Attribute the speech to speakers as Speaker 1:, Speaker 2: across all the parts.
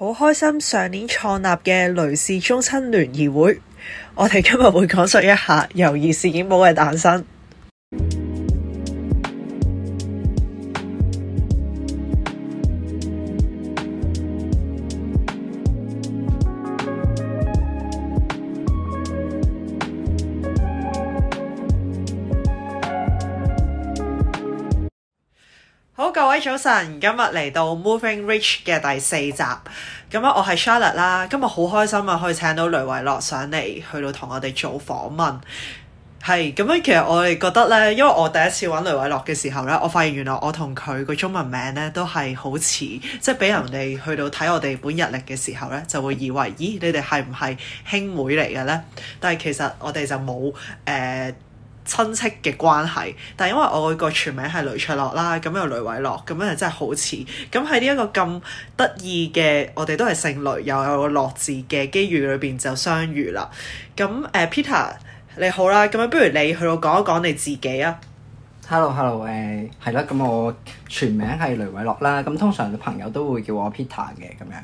Speaker 1: 好開心上年創立嘅雷氏宗親聯誼會，我哋今日會講述一下游移事件簿嘅誕生。Hi, 早晨，今日嚟到 Moving Reach 嘅第四集，咁、嗯、啊，我係 Charlotte 啦。今日好開心啊，可以請到雷暐樂上嚟，去到同我哋做訪問。係咁樣，其實我哋覺得咧，因為我第一次玩雷暐樂嘅時候咧，我發現原來我同佢個中文名咧都係好似，即係俾人哋去到睇我哋本日曆嘅時候咧，就會以為，咦，你哋係唔係兄妹嚟嘅咧？但係其實我哋就冇誒。呃親戚嘅關係，但係因為我個全名係雷焯諾啦，咁又雷暐樂，咁樣就真係好似，咁喺呢一個咁得意嘅，我哋都係姓雷，又有個樂字嘅機遇裏邊就相遇啦。咁誒，uh，Peter 你好啦，咁不如你去到講一講你自己啊。Hello，Hello，
Speaker 2: 誒係啦，咁我全名係雷暐樂啦，咁通常朋友都會叫我 Peter 嘅，咁樣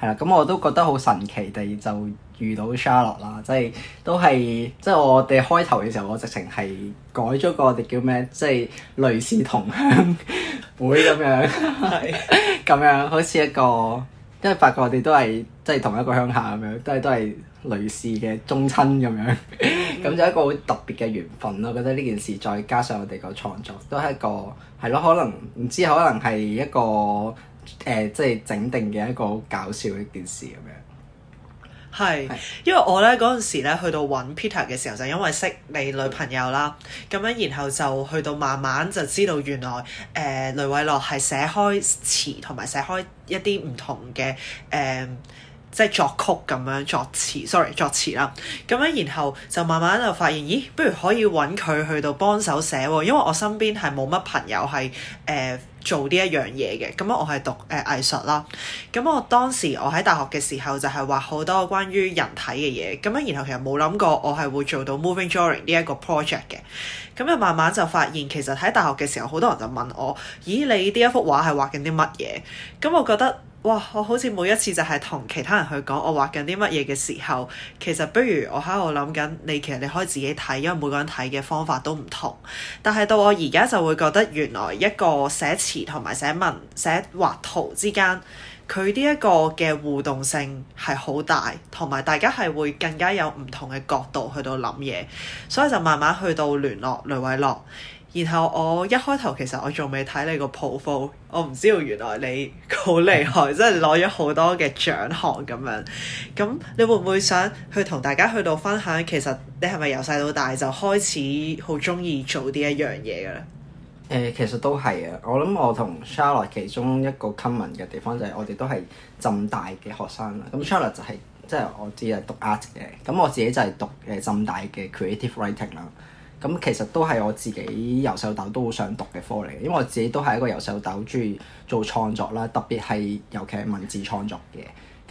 Speaker 2: 係啦，咁我都覺得好神奇地就遇到 Charlotte 啦，即係都係即係我哋開頭嘅時候，我直情係改咗個我哋叫咩，即係類似同鄉會咁樣，咁 樣， 樣好似一個，因為發覺我哋都係即係同一個鄉下咁樣，都係都係類似嘅宗親咁樣，咁就一個好特別嘅緣分咯。我覺得呢件事再加上我哋個創作，都係一個係咯，可能唔知可能係一個誒、呃，即係整定嘅一個好搞笑嘅一件事咁樣。
Speaker 1: 係，因為我咧嗰陣時咧去到揾 Peter 嘅時候，就因為識你女朋友啦，咁樣然後就去到慢慢就知道原來誒、呃、雷暐樂係寫開詞同埋寫開一啲唔同嘅誒。呃即係作曲咁樣作詞，sorry 作詞啦。咁樣然後就慢慢就發現，咦，不如可以揾佢去到幫手寫喎、哦。因為我身邊係冇乜朋友係誒、呃、做呢一樣嘢嘅。咁樣我係讀誒、呃、藝術啦。咁我當時我喺大學嘅時候就係畫好多關於人體嘅嘢。咁樣然後其實冇諗過我係會做到 moving drawing 呢一個 project 嘅。咁又慢慢就發現，其實喺大學嘅時候好多人就問我：咦，你呢一幅畫係畫緊啲乜嘢？咁我覺得。哇！我好似每一次就係同其他人去講我畫緊啲乜嘢嘅時候，其實不如我喺度諗緊。你其實你可以自己睇，因為每個人睇嘅方法都唔同。但係到我而家就會覺得，原來一個寫詞同埋寫文、寫畫圖之間，佢呢一個嘅互動性係好大，同埋大家係會更加有唔同嘅角度去到諗嘢，所以就慢慢去到聯絡雷偉樂。然後我一開頭其實我仲未睇你個 profile，我唔知道原來你好厲害，即係攞咗好多嘅獎項咁樣。咁你會唔會想去同大家去到分享，其實你係咪由細到大就開始好中意做呢一樣嘢嘅
Speaker 2: 咧？誒，其實都係啊！我諗我同 Charlotte 其中一個 common 嘅地方就係我哋都係浸大嘅學生啦。咁 Charlotte 就係即係我知係讀 art 嘅，咁我自己就係讀誒浸大嘅 creative writing 啦。咁其實都係我自己由細到大都好想讀嘅科嚟嘅，因為我自己都係一個由細到大，中意做創作啦，特別係尤其係文字創作嘅。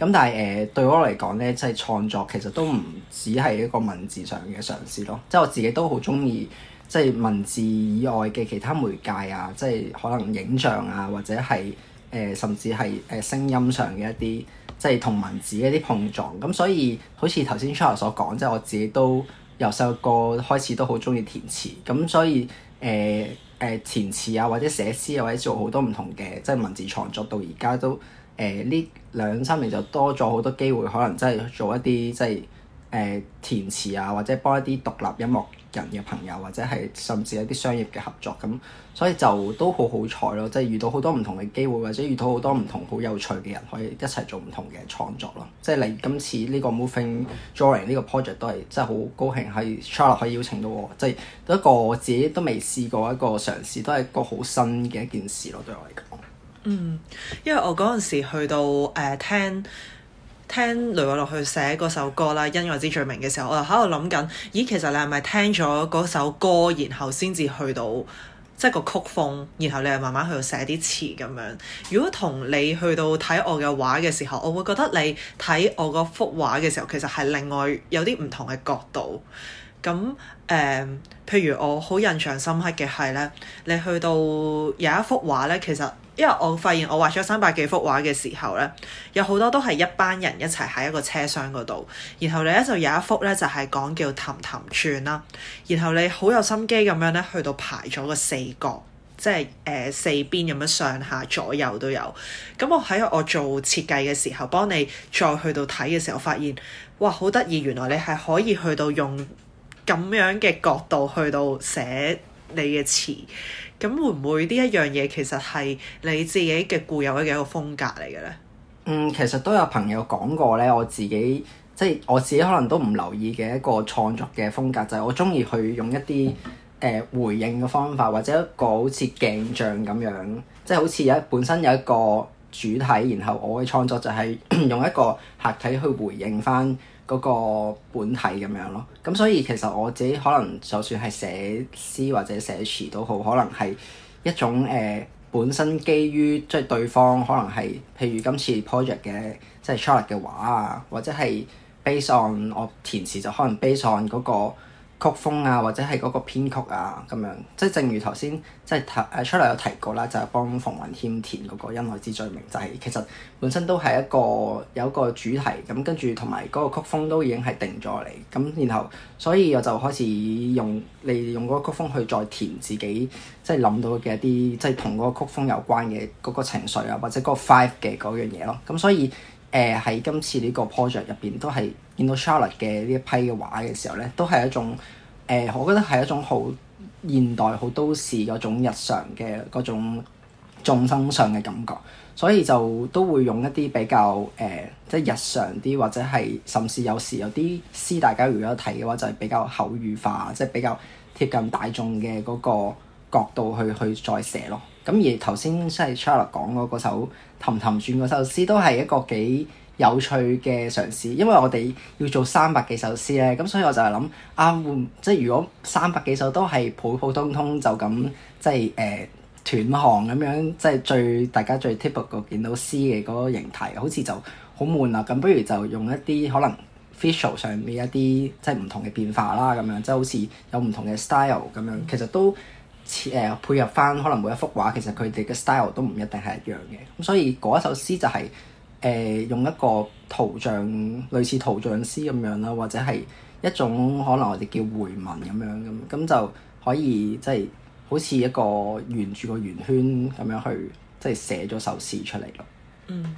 Speaker 2: 咁但係誒、呃、對我嚟講咧，即係創作其實都唔只係一個文字上嘅嘗試咯，即係我自己都好中意即係文字以外嘅其他媒介啊，即係可能影像啊，或者係誒、呃、甚至係誒聲音上嘅一啲，即係同文字一啲碰撞。咁所以好似頭先 Charlotte 所講，即係我自己都，由細個開始都好鍾意填詞，咁所以誒誒、呃呃、填詞啊，或者寫詩啊，或者做好多唔同嘅即係文字創作到，到而家都誒呢兩三年就多咗好多機會，可能真係做一啲即係誒、呃、填詞啊，或者幫一啲獨立音樂人嘅朋友或者係甚至一啲商業嘅合作咁，所以就都好好彩咯，即係遇到好多唔同嘅機會，或者遇到好多唔同好有趣嘅人可以一齊做唔同嘅創作咯。即係嚟今次呢個 Moving Drawing 呢個 project 都係真係好高興，係 Charlotte 可以邀請到我，即係一個我自己都未試過一個嘗試，都係個好新嘅一件事咯，對我嚟講。
Speaker 1: 嗯，因為我嗰陣時去到誒聽。聽雷暐樂去寫嗰首歌啦《因愛之罪名》嘅時候，我就喺度諗緊，咦，其實你係咪聽咗嗰首歌，然後先至去到即係、就是、個曲風，然後你又慢慢去到寫啲詞咁樣？如果同你去到睇我嘅畫嘅時候，我會覺得你睇我嗰幅畫嘅時候，其實係另外有啲唔同嘅角度。咁誒、呃，譬如我好印象深刻嘅係咧，你去到有一幅畫咧，其實。因為我發現我畫咗三百幾幅畫嘅時候呢，有好多都係一班人一齊喺一個車廂嗰度。然後咧就有一幅呢，就係、是、講叫《氹氹轉》啦。然後你好有心機咁樣呢，去到排咗個四角，即係誒、呃、四邊咁樣上下左右都有。咁我喺我做設計嘅時候，幫你再去到睇嘅時候，發現哇好得意！原來你係可以去到用咁樣嘅角度去到寫你嘅詞。咁會唔會呢一樣嘢其實係你自己嘅固有嘅一個風格嚟嘅咧？
Speaker 2: 嗯，其實都有朋友講過咧，我自己即係我自己可能都唔留意嘅一個創作嘅風格，就係、是、我中意去用一啲誒、呃、回應嘅方法，或者一個好似鏡像咁樣，即係好似有本身有一個主體，然後我嘅創作就係、是、 用一個客體去回應翻嗰個本體咁樣咯。咁所以其實我自己可能就算係寫詩或者寫詞都好，可能係一種誒、呃、本身基於即係、就是、對方可能係譬如今次 project 嘅即係、就是、Charlotte 嘅畫啊，或者係 base on 我填詞就可能 base on 嗰、那個。曲風啊，或者係嗰個編曲啊，咁樣即係正如頭先即係提出嚟有提過啦，就係幫馮允謙填嗰個《恩愛之罪》名，就係其實本身都係一個有一個主題咁，跟住同埋嗰個曲風都已經係定咗嚟，咁然後所以我就開始用利用嗰個曲風去再填自己即係諗到嘅一啲即係同嗰個曲風有關嘅嗰個情緒啊，或者嗰個 five 嘅嗰樣嘢咯，咁所以。誒，喺今次呢個 project 入邊都係見到 Charlotte 嘅呢一批嘅畫嘅時候咧，都係一種誒，我覺得係一種好現代、好都市嗰種日常嘅嗰種眾生相嘅感覺，所以就都會用一啲比較誒即係日常啲，或者係甚至有時有啲詩大家如果睇嘅話就係比較口語化，即係比較貼近大眾嘅嗰個角度去去再寫咯。咁而頭先即係 Charlotte 講嗰首《氹氹轉》嗰首詩，都係一個幾有趣嘅嘗試，因為我哋要做三百幾首詩咧，咁所以我就係諗啊會，即係如果三百幾首都係普普通通就咁即係誒斷行咁樣，即係、呃、最大家最 typical 見到詩嘅嗰個形態，好似就好悶啦。咁不如就用一啲可能 visual 上面一啲即係唔同嘅變化啦，咁樣即係好似有唔同嘅 style 咁樣，其實都。誒、呃、配合翻，可能每一幅畫其實佢哋嘅 style 都唔一定係一樣嘅，咁所以嗰一首詩就係、是、誒、呃、用一個圖像，類似圖像詩咁樣啦，或者係一種可能我哋叫回文咁樣咁，咁就可以即係好似一個沿住個圓圈咁樣去即係寫咗首詩出嚟咯。嗯，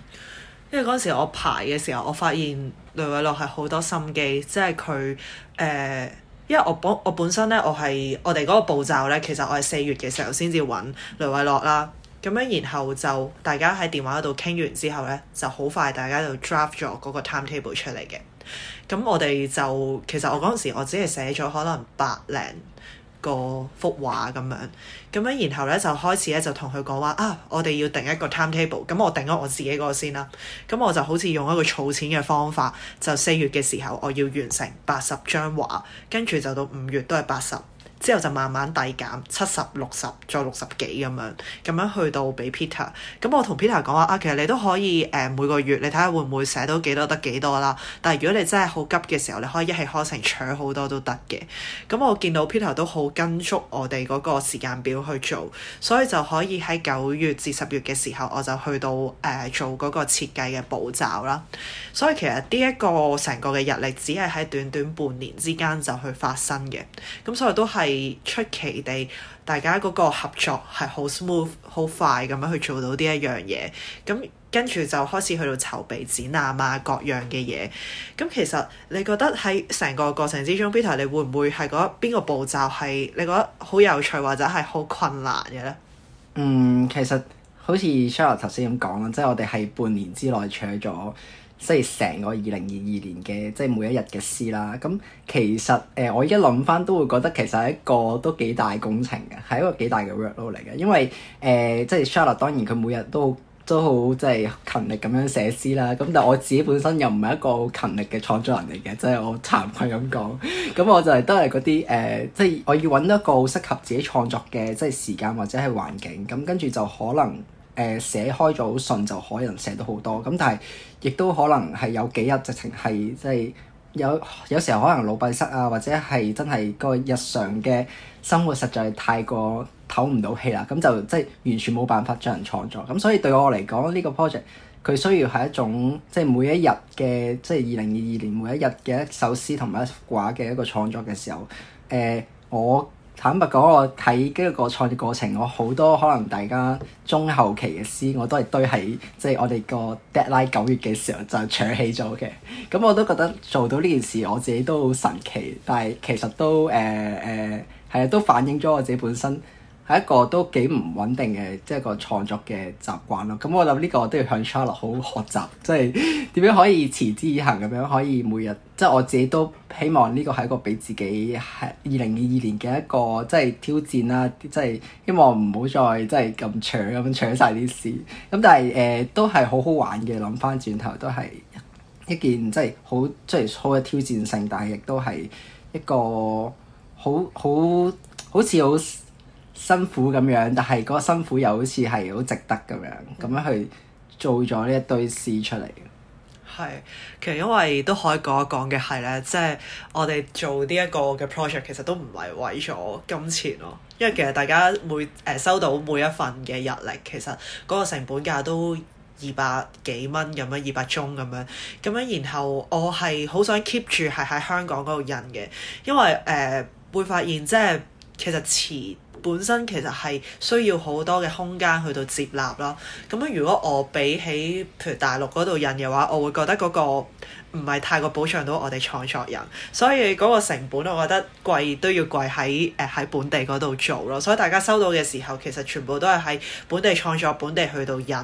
Speaker 1: 因為嗰時我排嘅時候，我發現雷暐樂係好多心機，即係佢誒。呃因為我本我本身咧，我係我哋嗰個步驟咧，其實我係四月嘅時候先至揾雷暐樂啦。咁樣然後就大家喺電話嗰度傾完之後咧，就好快大家就 draft 咗嗰個 time table 出嚟嘅。咁我哋就其實我嗰陣時我只係寫咗可能百零，個幅畫咁樣，咁樣，然後咧就開始咧就同佢講話啊，我哋要定一個 timetable，咁我定咗我自己個先啦。咁我就好似用一個儲錢嘅方法，就四月嘅時候我要完成八十張畫，跟住就到五月都係八十。之後就慢慢遞減，七十六十再六十幾咁樣，咁樣去到俾 Peter。咁我同 Peter 講話啊，其實你都可以誒、呃、每個月，你睇下會唔會寫到幾多得幾多啦。但係如果你真係好急嘅時候，你可以一氣呵成搶好多都得嘅。咁我見到 Peter 都好跟足我哋嗰個時間表去做，所以就可以喺九月至十月嘅時候，我就去到誒、呃、做嗰個設計嘅步驟啦。所以其實呢一個成個嘅日曆，只係喺短短半年之間就去發生嘅。咁所以都係。出奇地，大家嗰個合作係好 smooth、好快咁樣去做到呢一樣嘢。咁跟住就開始去到籌備展覽啊、嘛各樣嘅嘢。咁其實你覺得喺成個過程之中，Peter 你會唔會係覺得邊個步驟係你覺得好有趣或者係好困難嘅呢？嗯，
Speaker 2: 其實好似 Charlotte 頭先咁講啦，即係我哋係半年之內取咗。即係成個二零二二年嘅即係每一日嘅詩啦，咁、嗯、其實誒、呃、我而家諗翻都會覺得其實係一個都幾大工程嘅，係一個幾大嘅 workload 嚟嘅。因為誒、呃、即係 Charlotte 當然佢每日都都好即係勤力咁樣寫詩啦，咁、嗯、但係我自己本身又唔係一個好勤力嘅創作人嚟嘅、 嗯呃，即係我慚愧咁講。咁我就係都係嗰啲誒，即係我要揾一個好適合自己創作嘅即係時間或者係環境，咁跟住就可能。誒、呃、寫開咗信就可能寫到好多咁，但係亦都可能係有幾日直情係即係有有時候可能腦閉塞啊，或者係真係個日常嘅生活實在太過唞唔到氣啦，咁就即係完全冇辦法進行創作。咁所以對我嚟講呢個 project，佢需要係一種即係、就是、每一日嘅即係二零二二年每一日嘅一首詩同埋一幅畫嘅一個創作嘅時候，誒、呃、我。坦白講，我睇呢個創作過程，我好多可能大家中後期嘅詩，我都係堆喺即係我哋個 deadline 九月嘅時候就搶起咗嘅。咁我都覺得做到呢件事，我自己都好神奇。但係其實都誒誒，係、呃、啊、呃，都反映咗我自己本身，係一個都幾唔穩定嘅，即係個創作嘅習慣咯。咁、嗯、我諗呢個都要向 Charlotte 好好學習，即係點樣可以持之以恒。咁樣可以每日即係我自己都希望呢個係一個俾自己係二零二二年嘅一個即係挑戰啦。即係希望唔好再即係咁搶咁搶晒啲事。咁、嗯，但係誒、呃、都係好好玩嘅。諗翻轉頭都係一件即係好即係好嘅挑戰性，但係亦都係一個好好好似好辛苦咁樣，但係嗰個辛苦又好似係好值得咁樣，咁樣去做咗呢一堆詩出嚟。
Speaker 1: 係，其實因為都可以講一講嘅係咧，即係我哋做呢一個嘅 project，其實都唔係為咗金錢咯。因為其實大家每誒、呃、收到每一份嘅日曆，其實嗰個成本價都二百幾蚊咁樣，二百宗咁樣咁樣。樣然後我係好想 keep 住係喺香港嗰度印嘅，因為誒、呃、會發現即係其實遲。本身其實係需要好多嘅空間去到接納咯。咁樣如果我比起譬如大陸嗰度印嘅話，我會覺得嗰個唔係太過保障到我哋創作人。所以嗰個成本，我覺得貴都要貴喺誒喺本地嗰度做咯。所以大家收到嘅時候，其實全部都係喺本地創作、本地去到印。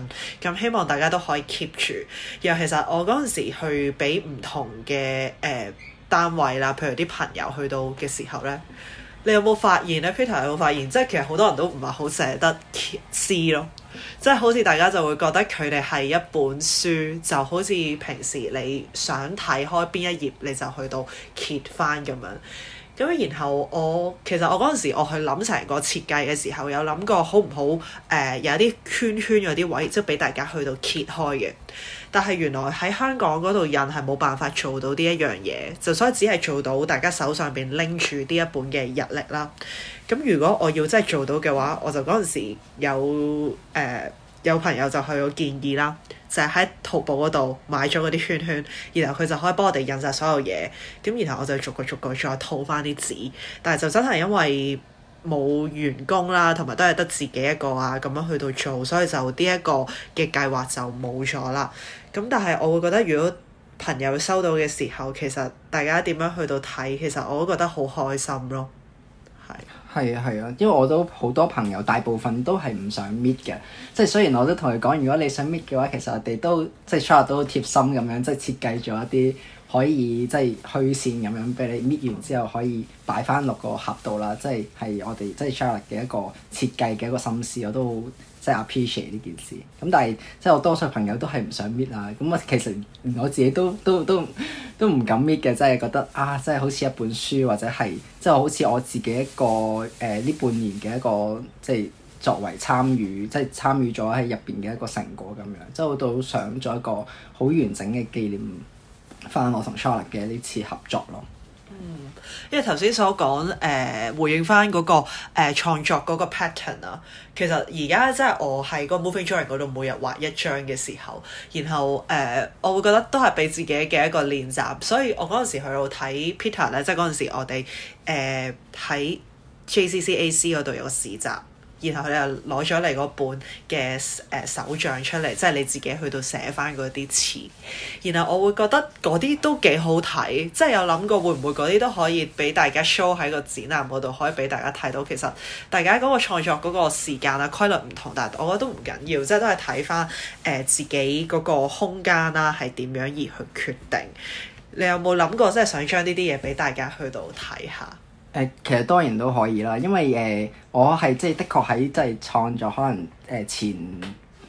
Speaker 1: 咁希望大家都可以 keep 住。又其實我嗰陣時去俾唔同嘅誒、呃、單位啦，譬如啲朋友去到嘅時候咧。你有冇發現咧，Peter 有冇發現，即係其實好多人都唔係好捨得揭撕咯，即係好似大家就會覺得佢哋係一本書，就好似平時你想睇開邊一頁，你就去到揭翻咁樣。咁然後我其實我嗰陣時我去諗成個設計嘅時候，有諗過好唔好誒、呃、有啲圈圈嗰啲位，即係俾大家去到揭開嘅。但係原來喺香港嗰度印係冇辦法做到呢一樣嘢，就所以只係做到大家手上邊拎住呢一本嘅日曆啦。咁、嗯、如果我要真係做到嘅話，我就嗰陣時有誒。呃有朋友就去咗建議啦，就係喺淘寶嗰度買咗嗰啲圈圈，然後佢就可以幫我哋印晒所有嘢，咁然後我就逐個逐個再套翻啲紙，但係就真係因為冇員工啦，同埋都係得自己一個啊，咁樣去到做，所以就呢一個嘅計劃就冇咗啦。咁但係我會覺得，如果朋友收到嘅時候，其實大家點樣去到睇，其實我都覺得好開心咯。
Speaker 2: 係啊係啊，因為我都好多朋友，大部分都係唔想搣嘅。即係雖然我都同佢講，如果你想搣嘅話，其實我哋都即係 Charlotte 都貼心咁樣，即係設計咗一啲可以即係虛線咁樣，俾你搣完之後可以擺翻落個盒度啦。即係係我哋即係 Charlotte 嘅一個設計嘅一個心思，我都好。即係 appreciate 呢件事，咁但係即係我多數朋友都係唔想搣 e 啊，咁啊其實連我自己都都都都唔敢搣嘅，即係覺得啊，即係好似一本書或者係即係好似我自己一個誒呢、呃、半年嘅一個即係作為參與，即係參與咗喺入邊嘅一個成果咁樣，即係我都想做一個好完整嘅紀念翻我同 Charlotte 嘅呢次合作咯。
Speaker 1: 因為頭先所講，誒、呃、回應返嗰、那個誒、呃、創作嗰個 pattern 啊，其實而家即係我喺個 Moving Drawing 嗰度每日畫一張嘅時候，然後誒、呃、我會覺得都係俾自己嘅一個練習，所以我嗰陣時去到睇 Peter 咧，即、呃、係嗰陣時我哋誒喺 JCCAC 嗰度有個市集。然後你又攞咗你嗰本嘅誒、呃、手帳出嚟，即係你自己去到寫翻嗰啲詞。然後我會覺得嗰啲都幾好睇，即係有諗過會唔會嗰啲都可以俾大家 show 喺個展覽嗰度，可以俾大家睇到。其實大家嗰個創作嗰個時間啊，規律唔同，但係我覺得都唔緊要，要，即係都係睇翻誒自己嗰個空間啦、啊，係點樣而去決定。你有冇諗過即係想將呢啲嘢俾大家去到睇下？
Speaker 2: 誒，其實當然都可以啦，因為誒、呃，我係即係的確喺即係創作，可能誒前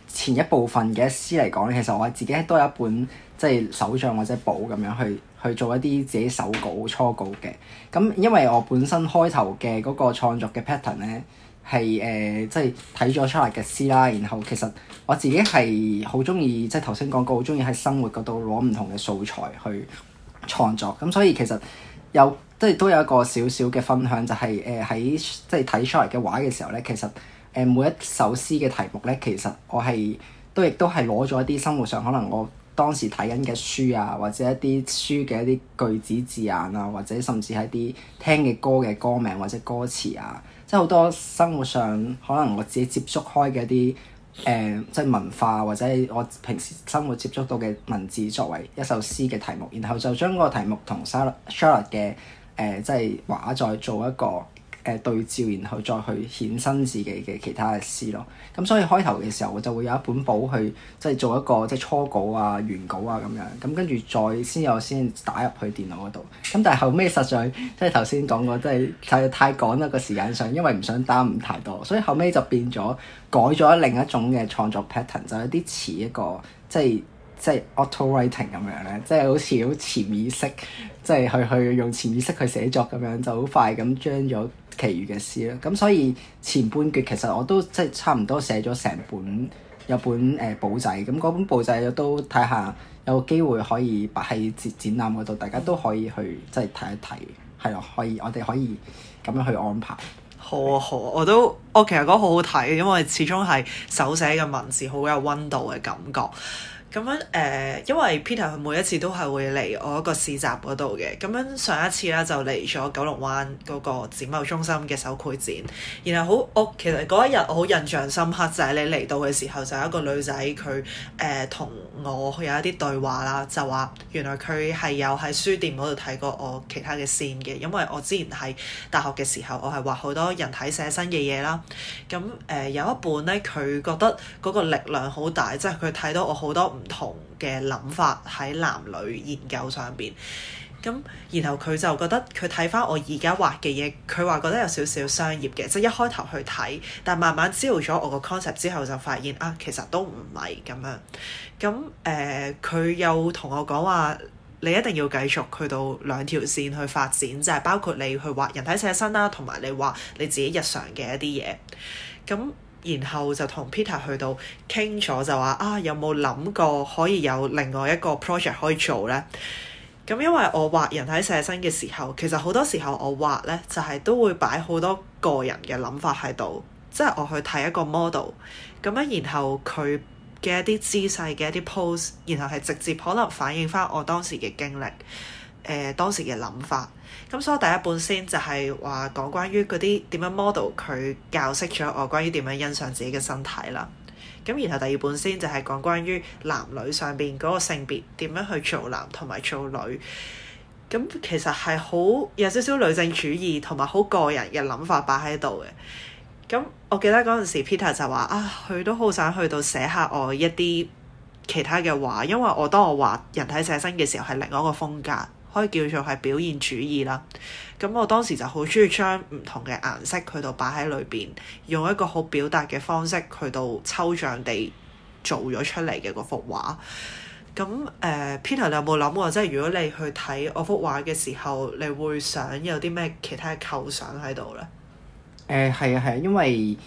Speaker 2: 前一部分嘅詩嚟講，其實我自己都有一本即係、就是、手帳或者簿咁樣去去做一啲自己手稿初稿嘅。咁因為我本身開頭嘅嗰個創作嘅 pattern 咧，係誒即係睇咗 Charlotte 嘅詩啦。然後其實我自己係好中意，即係頭先講過，好中意喺生活嗰度攞唔同嘅素材去創作。咁所以其實～有即係都有一個少少嘅分享，就係誒喺即係睇出嚟嘅畫嘅時候咧，其實誒、呃、每一首詩嘅題目咧，其實我係都亦都係攞咗一啲生活上可能我當時睇緊嘅書啊，或者一啲書嘅一啲句子字眼啊，或者甚至係啲聽嘅歌嘅歌名或者歌詞啊，即係好多生活上可能我自己接觸開嘅一啲。誒，uh, 即係文化或者我平時生活接觸到嘅文字作為一首詩嘅題目，然後就將個題目同 Charlotte 嘅誒、呃，即係畫再做一個。誒對照，然後再去衍生自己嘅其他嘅詩咯。咁所以開頭嘅時候，我就會有一本簿去即係做一個即係初稿啊、原稿啊咁樣。咁跟住再先有先打入去電腦嗰度。咁但係後尾實際即係頭先講過，都係太太趕啦個時間上，因為唔想耽誤太多，所以後尾就變咗改咗另一種嘅創作 pattern，就有啲似一個即係。即係 auto writing 咁樣咧，即係好似好潛意識，即係去去用潛意識去寫作咁樣，就好快咁將咗其餘嘅詩啦。咁所以前半段其實我都即係差唔多寫咗成本，本、呃、本看看有本誒簿仔咁，嗰本簿仔都睇下有機會可以擺喺展展覽嗰度，大家都可以去即係睇一睇係咯。可
Speaker 1: 以我哋可以咁樣去安排。好啊，的好啊，我都我其實覺得好好睇，因為始終係手寫嘅文字，好有温度嘅感覺。咁樣誒、呃，因為 Peter 佢每一次都係會嚟我一個市集嗰度嘅。咁樣上一次咧就嚟咗九龍灣嗰個展貿中心嘅手繪展。然後好，我其實嗰一日我好印象深刻就係、是、你嚟到嘅時候，就有、是、一個女仔佢誒同我有一啲對話啦，就話原來佢係有喺書店嗰度睇過我其他嘅線嘅，因為我之前喺大學嘅時候我係畫好多人體寫生嘅嘢啦。咁誒、呃、有一半咧，佢覺得嗰個力量好大，即係佢睇到我好多。唔同嘅諗法喺男女研究上邊，咁然後佢就覺得佢睇返我而家畫嘅嘢，佢話覺得有少少商業嘅，即係一開頭去睇，但慢慢知道咗我個 concept 之後，就發現啊，其實都唔係咁樣。咁誒，佢又同我講話，你一定要繼續去到兩條線去發展，即係包括你去畫人體寫生啦，同埋你畫你自己日常嘅一啲嘢。咁然後就同 Peter 去到傾咗，就話啊，有冇諗過可以有另外一個 project 可以做呢？咁因為我畫人體寫生嘅時候，其實好多時候我畫呢，就係、是、都會擺好多個人嘅諗法喺度，即係我去睇一個 model，咁樣然後佢嘅一啲姿勢嘅一啲 pose，然後係直接可能反映翻我當時嘅經歷，誒、呃、當時嘅諗法。咁所以我第一本先就係話講關於嗰啲點樣 model 佢教識咗我關於點樣欣賞自己嘅身體啦。咁然後第二本先就係講關於男女上邊嗰個性別點樣去做男同埋做女。咁其實係好有少少女性主義同埋好個人嘅諗法擺喺度嘅。咁我記得嗰陣時 Peter 就話啊，佢都好想去到寫下我一啲其他嘅話，因為我當我畫人體寫生嘅時候係另外一個風格。可以叫做係表現主義啦，咁我當時就好中意將唔同嘅顏色去到擺喺裏邊，用一個好表達嘅方式去到抽象地做咗出嚟嘅嗰幅畫。咁誒、呃、Peter 你有冇諗過，即係如果你去睇我幅畫嘅時候，你會想有啲咩其他嘅構想喺度咧？
Speaker 2: 誒、呃，係啊係啊，因為誒、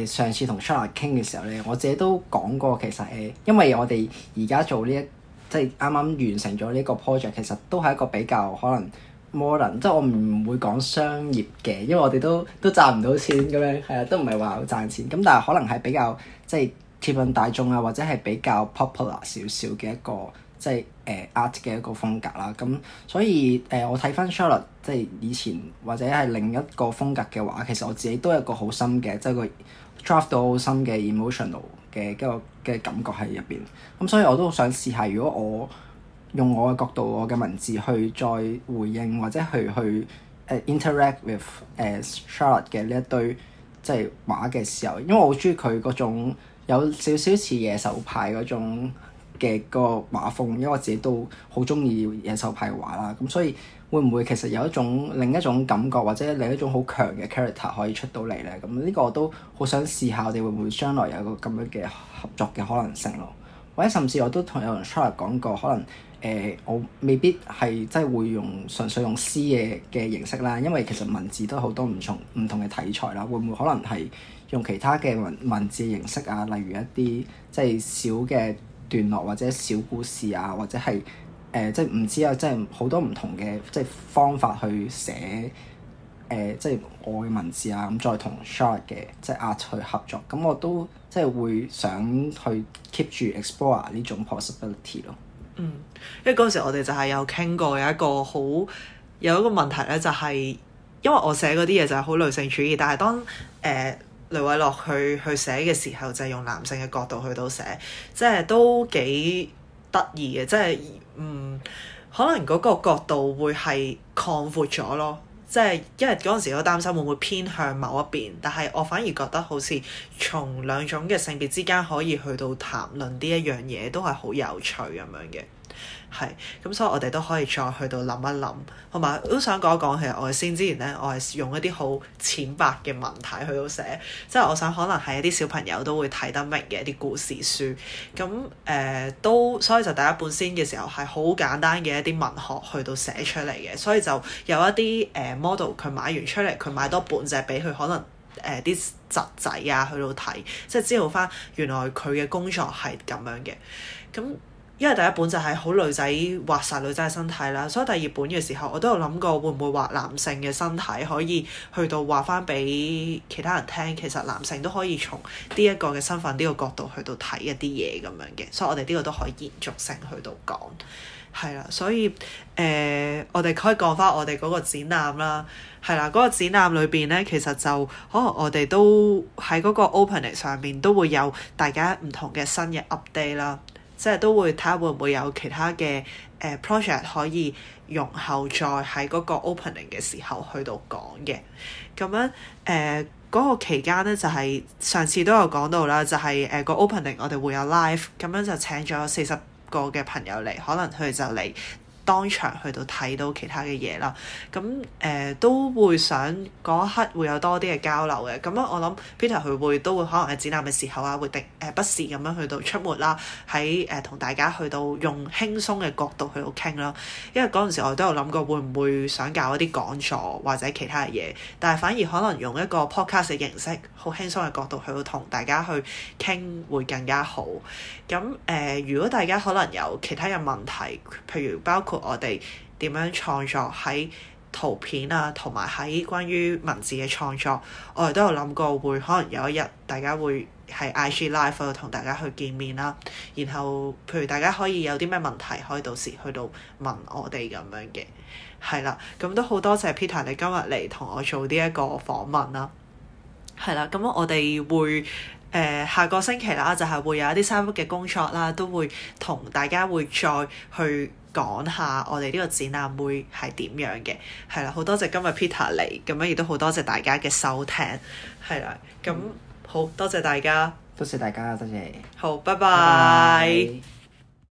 Speaker 2: 呃、上次同 Charlotte 傾嘅時候咧，我自己都講過，其實誒、呃，因為我哋而家做呢一。即係啱啱完成咗呢個 project，其實都係一個比較可能 modern，即係我唔會講商業嘅，因為我哋都都賺唔到錢咁樣，係啊，都唔係話好賺錢。咁但係可能係比較即係貼近大眾啊，或者係比較 popular 少少嘅一個即係誒、呃、art 嘅一個風格啦。咁所以誒、呃，我睇翻 Charlotte 即係以前或者係另一個風格嘅話，其實我自己都係一個好深嘅，即、就、係、是、個 draft 到好深嘅 emotional。嘅個嘅感覺喺入邊，咁所以我都想試下，如果我用我嘅角度、我嘅文字去再回應或者去去誒、uh, interact with 誒、uh, Charlotte 嘅呢一堆即係、就是、畫嘅時候，因為我好中意佢嗰種有少少似野獸派嗰種嘅個畫風，因為我自己都好中意野獸派畫啦，咁所以。會唔會其實有一種另一種感覺，或者另一種好強嘅 character 可以出到嚟呢？咁呢個我都好想試下，我哋會唔會將來有一個咁樣嘅合作嘅可能性咯？或者甚至我都同有人出嚟講過，可能誒、呃、我未必係真係會用純粹用詩嘅嘅形式啦，因為其實文字都好多唔同唔同嘅題材啦。會唔會可能係用其他嘅文文字形式啊？例如一啲即係小嘅段落或者小故事啊，或者係。誒、呃，即係唔知啊！即係好多唔同嘅即係方法去寫誒、呃，即係我嘅文字啊。咁、嗯、再同 Charlotte 嘅即係 Art 去合作，咁我都即係會想去 keep 住 explore 呢種 possibility 咯。嗯，
Speaker 1: 因為嗰時我哋就係有傾過有一個好有一個問題咧，就係、是、因為我寫嗰啲嘢就係好女性主義，但係當誒、呃、雷暐樂去去寫嘅時候，就係、是、用男性嘅角度去到寫，即係都幾得意嘅，即係。嗯，可能嗰個角度會係擴闊咗咯，即係因為嗰陣時我擔心會唔會偏向某一邊，但係我反而覺得好似從兩種嘅性別之間可以去到談論呢一樣嘢，都係好有趣咁樣嘅。係，咁所以我哋都可以再去到諗一諗，同埋都想講一講。其實我先之前咧，我係用一啲好淺白嘅文體去到寫，即係我想可能係一啲小朋友都會睇得明嘅一啲故事書。咁誒、呃、都，所以就第一本先嘅時候係好簡單嘅一啲文學去到寫出嚟嘅，所以就有一啲誒、呃、model 佢買完出嚟，佢買多半隻俾佢可能誒啲、呃、侄仔啊去到睇，即係知道返原來佢嘅工作係咁樣嘅，咁。因為第一本就係好女仔畫晒女仔嘅身體啦，所以第二本嘅時候我都有諗過會唔會畫男性嘅身體，可以去到畫翻俾其他人聽。其實男性都可以從呢一個嘅身份呢個角度去到睇一啲嘢咁樣嘅，所以我哋呢個都可以延續性去到講，係啦。所以誒、呃，我哋可以講翻我哋嗰個展覽啦，係啦，嗰、嗰個展覽裏邊咧，其實就可能我哋都喺嗰個 opening 上面都會有大家唔同嘅新嘅 update 啦。即係都會睇下會唔會有其他嘅誒、uh, project 可以容後再喺嗰個 opening 嘅時候去到講嘅。咁樣誒嗰、uh, 個期間咧就係、是、上次都有講到啦，就係誒個 opening 我哋會有 live，咁樣就請咗四十個嘅朋友嚟，可能佢哋就嚟。當場去到睇到其他嘅嘢啦，咁誒、呃、都會想一刻會有多啲嘅交流嘅，咁啊我諗 Peter 佢會都會可能係展覽嘅時候啊，會停誒不時咁樣去到出沒啦，喺誒、呃、同大家去到用輕鬆嘅角度去到傾啦，因為陣時我都有諗過會唔會想搞一啲講座或者其他嘅嘢，但係反而可能用一個 podcast 嘅形式，好輕鬆嘅角度去到同大家去傾會更加好。咁誒、呃、如果大家可能有其他嘅問題，譬如包括。我哋點樣創作喺圖片啊，同埋喺關於文字嘅創作，我哋都有諗過會可能有一日大家會喺 IG Live 度同大家去見面啦。然後，譬如大家可以有啲咩問題，可以到時去到問我哋咁樣嘅係啦。咁都好多謝 Peter 你今日嚟同我做呢一個訪問啦。係啦，咁我哋會誒、呃、下個星期啦，就係、是、會有一啲三幅嘅工作啦，都會同大家會再去。講下我哋呢個展覽會係點樣嘅，係啦，好多謝今日 Peter 嚟，咁樣亦都好多謝大家嘅收聽，係啦，咁、嗯、好多謝大家，多謝大家，多謝，好，拜拜。拜拜。